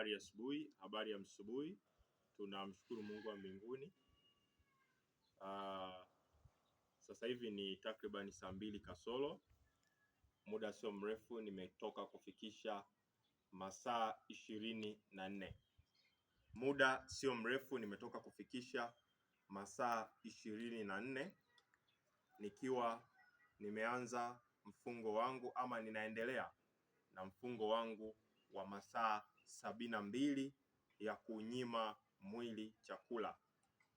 Habari ya asubuhi, habari ya msubuhi. Tunamshukuru Mungu wa mbinguni. Uh, sasa hivi ni takriban saa mbili kasoro. Muda sio mrefu nimetoka kufikisha masaa ishirini na nne. Muda sio mrefu nimetoka kufikisha masaa ishirini na nne nikiwa nimeanza mfungo wangu ama ninaendelea na mfungo wangu wa masaa sabini na mbili ya kunyima mwili chakula,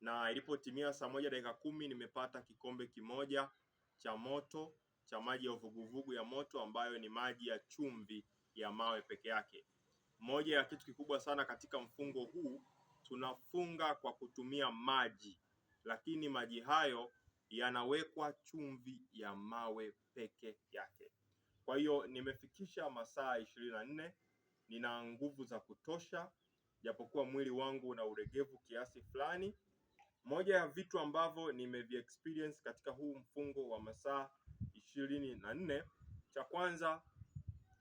na ilipotimia saa moja dakika kumi nimepata kikombe kimoja cha moto cha maji ya uvuguvugu ya moto ambayo ni maji ya chumvi ya mawe peke yake. Moja ya kitu kikubwa sana katika mfungo huu, tunafunga kwa kutumia maji, lakini maji hayo yanawekwa chumvi ya mawe peke yake. Kwa hiyo nimefikisha masaa ishirini na nne nina nguvu za kutosha, japokuwa mwili wangu una uregevu kiasi fulani. Moja ya vitu ambavyo nimevi experience katika huu mfungo wa masaa ishirini na nne, cha kwanza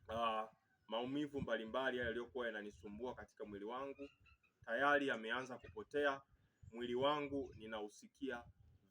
uh, maumivu mbalimbali yaliyokuwa yananisumbua katika mwili wangu tayari yameanza kupotea. Mwili wangu ninausikia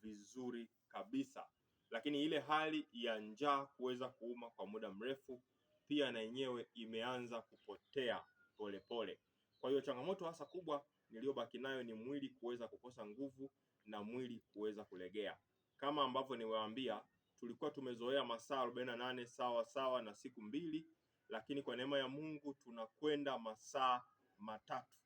vizuri kabisa, lakini ile hali ya njaa kuweza kuuma kwa muda mrefu pia na yenyewe imeanza kupotea polepole. Kwa hiyo changamoto hasa kubwa niliyobaki nayo ni mwili kuweza kukosa nguvu na mwili kuweza kulegea. Kama ambavyo niwaambia, tulikuwa tumezoea masaa arobaini na nane sawa sawa na siku mbili, lakini kwa neema ya Mungu tunakwenda masaa matatu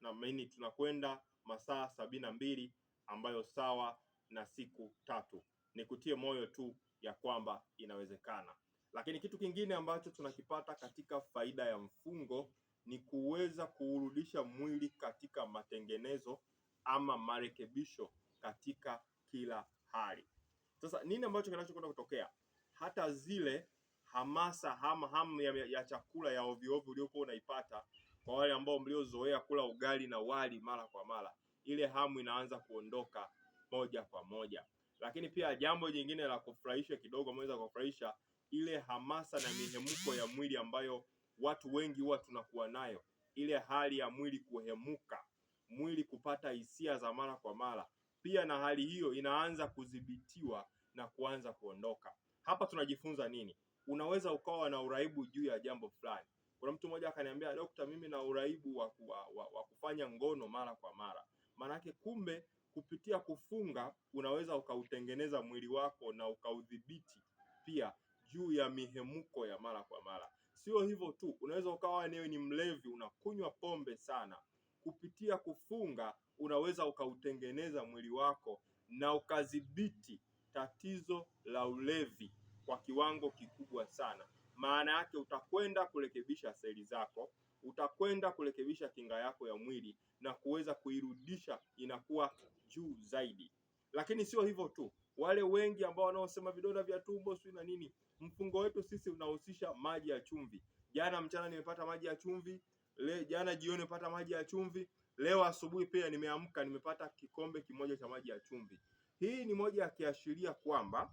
na maini, tunakwenda masaa sabini na mbili ambayo sawa na siku tatu. Nikutie moyo tu ya kwamba inawezekana. Lakini kitu kingine ambacho tunakipata katika faida ya mfungo ni kuweza kuurudisha mwili katika matengenezo ama marekebisho katika kila hali. Sasa nini ambacho kinachokwenda kutokea? Hata zile hamasa hama hamu ya, ya chakula ya ovyo uliokuwa unaipata kwa wale ambao mliozoea kula ugali na wali mara kwa mara, ile hamu inaanza kuondoka moja kwa moja. Lakini pia jambo jingine la kufurahisha kidogo, ameweza kufurahisha ile hamasa na mihemko ya mwili ambayo watu wengi huwa tunakuwa nayo, ile hali ya mwili kuhemuka, mwili kupata hisia za mara kwa mara, pia na hali hiyo inaanza kudhibitiwa na kuanza kuondoka. Hapa tunajifunza nini? Unaweza ukawa na uraibu juu ya jambo fulani. Kuna mtu mmoja akaniambia, dokta, mimi na uraibu wa, wa, wa, wa kufanya ngono mara kwa mara. Maanake kumbe kupitia kufunga unaweza ukautengeneza mwili wako na ukaudhibiti pia juu ya mihemko ya mara kwa mara. Sio hivyo tu, unaweza ukawa wewe ni mlevi, unakunywa pombe sana. Kupitia kufunga unaweza ukautengeneza mwili wako na ukadhibiti tatizo la ulevi kwa kiwango kikubwa sana. Maana yake utakwenda kurekebisha seli zako, utakwenda kurekebisha kinga yako ya mwili na kuweza kuirudisha inakuwa juu zaidi. Lakini sio hivyo tu, wale wengi ambao wanaosema vidonda vya tumbo sio na nini, mfungo wetu sisi unahusisha maji ya chumvi. Jana mchana nimepata maji ya chumvi, le, jana jioni nimepata maji ya chumvi, leo asubuhi pia nimeamka nimepata kikombe kimoja cha maji ya chumvi. Hii ni moja ya kiashiria kwamba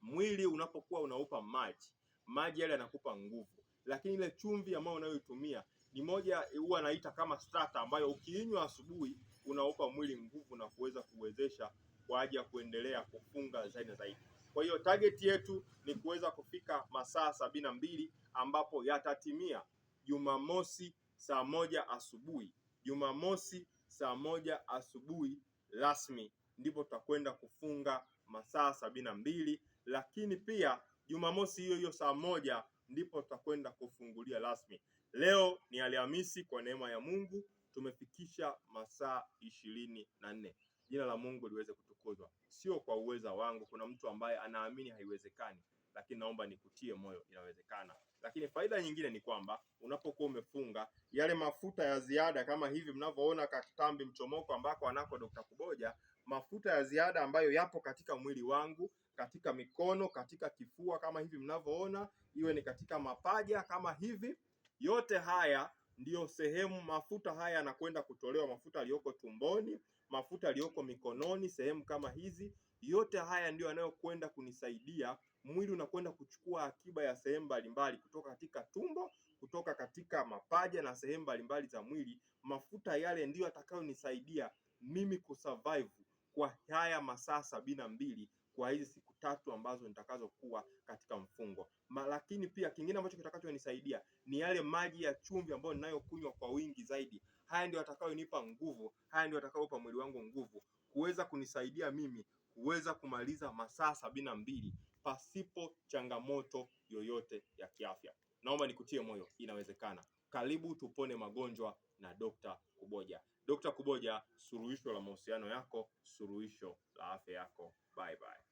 mwili unapokuwa unaupa maji, maji yale yanakupa nguvu, lakini ile chumvi ambayo unayoitumia ni moja, huwa naita kama strata ambayo ukiinywa asubuhi unaopa mwili nguvu na kuweza kuwezesha kwa ajili ya kuendelea kufunga zaidi na zaidi. Kwa hiyo target yetu ni kuweza kufika masaa sabini na mbili ambapo yatatimia Jumamosi saa moja asubuhi. Jumamosi saa moja asubuhi rasmi ndipo tutakwenda kufunga masaa sabini na mbili, lakini pia Jumamosi hiyo hiyo saa moja ndipo tutakwenda kufungulia rasmi. Leo ni Alhamisi, kwa neema ya Mungu tumefikisha masaa ishirini na nne. Jina la Mungu liweze kutukuzwa, sio kwa uweza wangu. Kuna mtu ambaye anaamini haiwezekani, lakini naomba nikutie moyo, inawezekana. Lakini faida nyingine ni kwamba unapokuwa umefunga yale mafuta ya ziada kama hivi mnavyoona katambi Mchomoko, ambako anako Dokta Kuboja, mafuta ya ziada ambayo yapo katika mwili wangu katika mikono, katika kifua kama hivi mnavyoona, iwe ni katika mapaja kama hivi, yote haya ndiyo sehemu mafuta haya yanakwenda kutolewa, mafuta yaliyoko tumboni, mafuta yaliyoko mikononi, sehemu kama hizi. Yote haya ndiyo yanayokwenda kunisaidia, mwili unakwenda kuchukua akiba ya sehemu mbalimbali, kutoka katika tumbo, kutoka katika mapaja na sehemu mbalimbali za mwili. Mafuta yale ndiyo atakayonisaidia mimi kusurvive kwa haya masaa sabini na mbili kwa hizi siku tatu ambazo nitakazokuwa katika mfungo. Lakini pia kingine ambacho kitakachonisaidia ni yale maji ya chumvi ambayo ninayokunywa kwa wingi zaidi. Haya ndio yatakayonipa nguvu, haya ndio yatakayopa mwili wangu nguvu kuweza kunisaidia mimi kuweza kumaliza masaa sabini na mbili pasipo changamoto yoyote ya kiafya. Naomba nikutie moyo, inawezekana. Karibu tupone magonjwa na Dokta Kuboja. dokta Kuboja, suluhisho la mahusiano yako, suluhisho la afya yako. Bye bye.